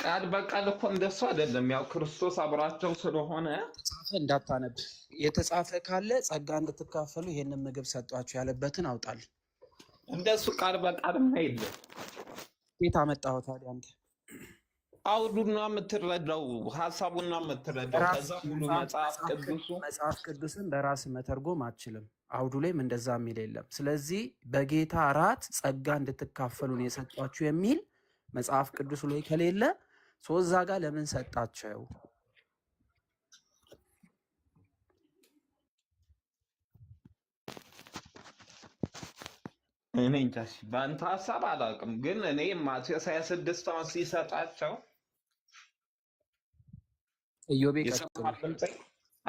ቃል በቃል እኮ እንደሱ አይደለም። ያው ክርስቶስ አብራቸው ስለሆነ ጻፈ እንዳታነብ የተጻፈ ካለ ጸጋ እንድትካፈሉ ይሄንን ምግብ ሰጧችሁ ያለበትን አውጣል። እንደሱ ቃል በቃል በቃልማ የለም። ቤት አመጣሁ ታዲያ አንተ አውዱና የምትረዳው ሀሳቡና የምትረዳው መጽሐፍ ቅዱሱ መጽሐፍ ቅዱስን በራስ መተርጎም አችልም። አውዱ ላይም እንደዛ የሚል የለም። ስለዚህ በጌታ እራት ጸጋ እንድትካፈሉን የሰጧችሁ የሚል መጽሐፍ ቅዱስ ላይ ከሌለ ሶዛ ጋር ለምን ሰጣቸው? እኔ እንጃ በአንተ ሀሳብ አላውቅም፣ ግን እኔ ማቴዎስ 26 አሁን ሲሰጣቸው እዮቤ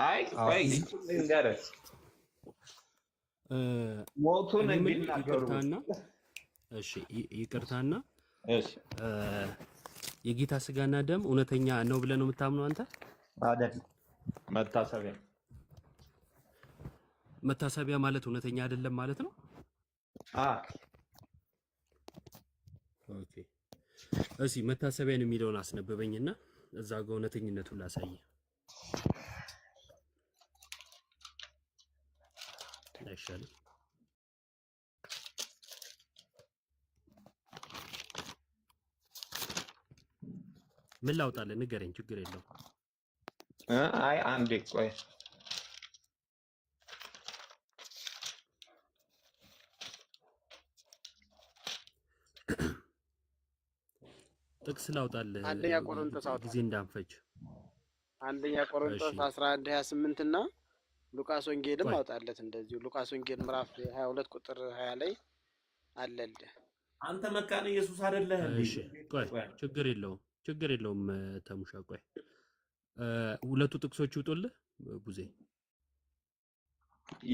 አይ ቆይ ንገረስ ሞቱን እንዲናገሩ ይቅርታና የጌታ ስጋና ደም እውነተኛ ነው ብለህ ነው የምታምነው አንተ? አይደለም። መታሰቢያ መታሰቢያ ማለት እውነተኛ አይደለም ማለት ነው። ኦኬ፣ እሺ መታሰቢያን የሚለውን አስነበበኝና እዛ ጋር እውነተኝነቱን ላሳይ። አይሻልም? ምን ላውጣልህ? ንገረኝ፣ ችግር የለው። አይ አንዴ ቆይ ጥቅስ ላውጣልህ አንደኛ ቆሮንቶስ ጊዜ እንዳንፈጅ አንደኛ ቆሮንቶስ 11 28 እና ሉቃስ ወንጌልም አውጣለት እንደዚሁ ሉቃስ ወንጌል ምዕራፍ 22 ቁጥር 20 ላይ አለልህ። አንተ መካነ ኢየሱስ አይደለህ? እሺ ቆይ ችግር የለውም። ችግር የለውም። ተሙሻ ቆይ ሁለቱ ጥቅሶች ይውጡልህ ቡዜ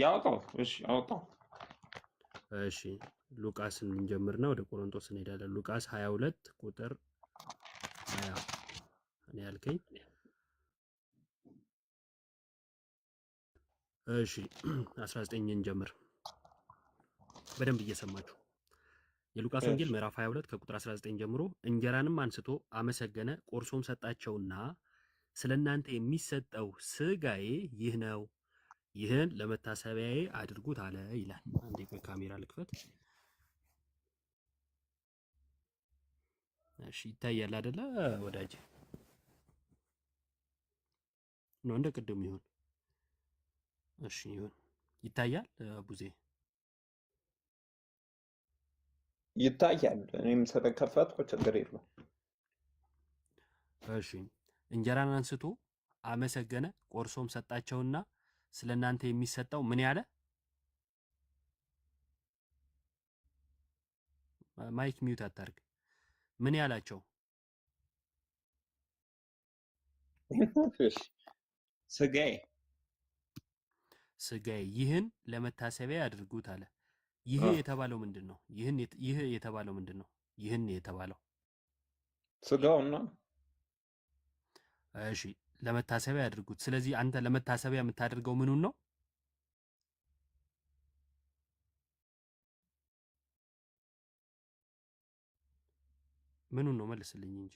ያውጣው። እሺ አውጣው። እሺ ሉቃስን እንጀምርና ወደ ቆሮንቶስ እንሄዳለን። ሉቃስ 22 ቁጥር 20 እኔ ያልከኝ እሺ 19 እንጀምር። በደንብ እየሰማችሁ የሉቃስ ወንጌል ምዕራፍ 22 ከቁጥር 19 ጀምሮ እንጀራንም አንስቶ አመሰገነ፣ ቆርሶም ሰጣቸውና ስለ እናንተ የሚሰጠው ስጋዬ ይህ ነው፣ ይህን ለመታሰቢያዬ አድርጉት አለ ይላል። አንዴ ከካሜራ ልክፈት። እሺ፣ ይታያል አይደለ ወዳጅ? ነው እንደ ቅድም ይሁን። እሺ፣ ይሁን። ይታያል ቡዜ ይታያል። እኔም ስለከፈትኩ ችግር የለውም። እሺ እንጀራን አንስቶ አመሰገነ፣ ቆርሶም ሰጣቸውና ስለ እናንተ የሚሰጠው ምን ያለ ማይክ ሚዩት አታርግ። ምን ያላቸው ስጋዬ ስጋዬ ይህን ለመታሰቢያ ያድርጉት አለ። ይህ የተባለው ምንድን ነው? ይህ የተባለው ምንድን ነው? ይህን የተባለው ስጋውና እሺ፣ ለመታሰቢያ ያድርጉት። ስለዚህ አንተ ለመታሰቢያ የምታደርገው ምኑን ነው? ምኑን ነው? መልስልኝ እንጂ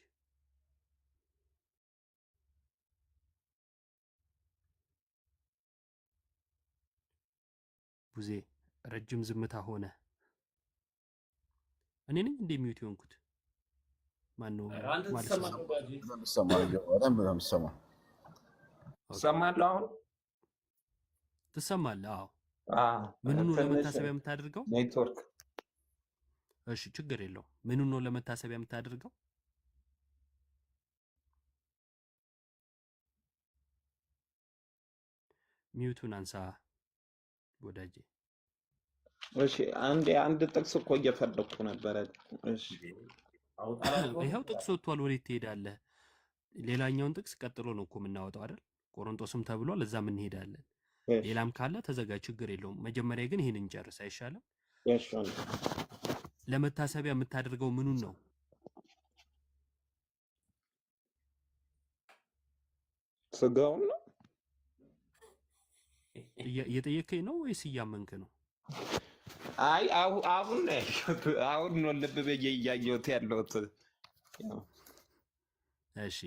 ቡዜ ረጅም ዝምታ ሆነ። እኔ ነኝ እንደ ሚዩት የሆንኩት ማነው? ትሰማለህ? ምኑን ነው ለመታሰቢያ የምታደርገው? ኔትወርክ። እሺ፣ ችግር የለው። ምኑን ነው ለመታሰቢያ የምታደርገው? ሚዩቱን አንሳ ወዳጄ። እሺ አንድ አንድ ጥቅስ እኮ እየፈለኩ ነበረ። እሺ ይኸው ጥቅስ ወጥቷል። ወዴት ትሄዳለህ? ሌላኛውን ጥቅስ ቀጥሎ ነው እኮ የምናወጣው አይደል? ቆሮንቶስም ተብሏል። ምን እንሄዳለን። ሌላም ካለ ተዘጋጅ፣ ችግር የለውም። መጀመሪያ ግን ይህን እንጨርስ አይሻልም? ለመታሰቢያ የምታደርገው ምኑን ነው? ስጋውን ነው። እየጠየከኝ ነው ወይስ እያመንክ ነው? አይ አሁን አሁን ነው ልብ ብዬ እያየሁት ያለሁት። እሺ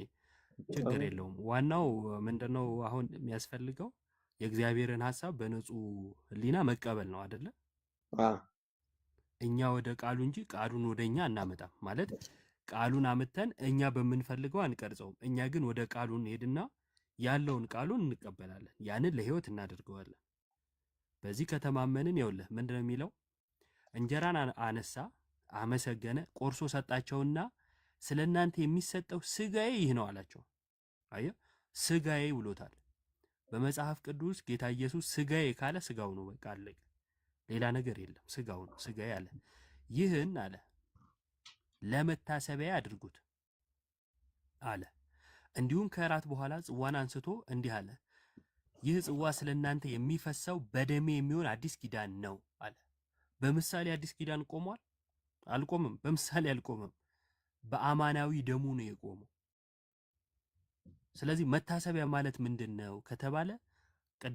ችግር የለውም። ዋናው ምንድነው አሁን የሚያስፈልገው የእግዚአብሔርን ሀሳብ በንጹህ ሕሊና መቀበል ነው አደለ? እኛ ወደ ቃሉ እንጂ ቃሉን ወደ እኛ አናመጣም። ማለት ቃሉን አምተን እኛ በምንፈልገው አንቀርጸውም። እኛ ግን ወደ ቃሉ እንሄድና ያለውን ቃሉን እንቀበላለን፣ ያንን ለህይወት እናደርገዋለን። በዚህ ከተማመንን ይኸውልህ ምንድነው የሚለው እንጀራን አነሳ፣ አመሰገነ፣ ቆርሶ ሰጣቸውና ስለ እናንተ የሚሰጠው ስጋዬ ይህ ነው አላቸው። አየ ስጋዬ ብሎታል። በመጽሐፍ ቅዱስ ጌታ ኢየሱስ ስጋዬ ካለ ስጋው ነው፣ በቃ አለቀ። ሌላ ነገር የለም። ስጋው ነው፣ ስጋዬ አለ። ይህን አለ ለመታሰቢያ አድርጉት አለ። እንዲሁም ከእራት በኋላ ጽዋን አንስቶ እንዲህ አለ፣ ይህ ጽዋ ስለ እናንተ የሚፈሰው በደሜ የሚሆን አዲስ ኪዳን ነው አለ። በምሳሌ አዲስ ኪዳን ቆሟል? አልቆምም። በምሳሌ አልቆምም። በአማናዊ ደሙ ነው የቆመው። ስለዚህ መታሰቢያ ማለት ምንድን ነው ከተባለ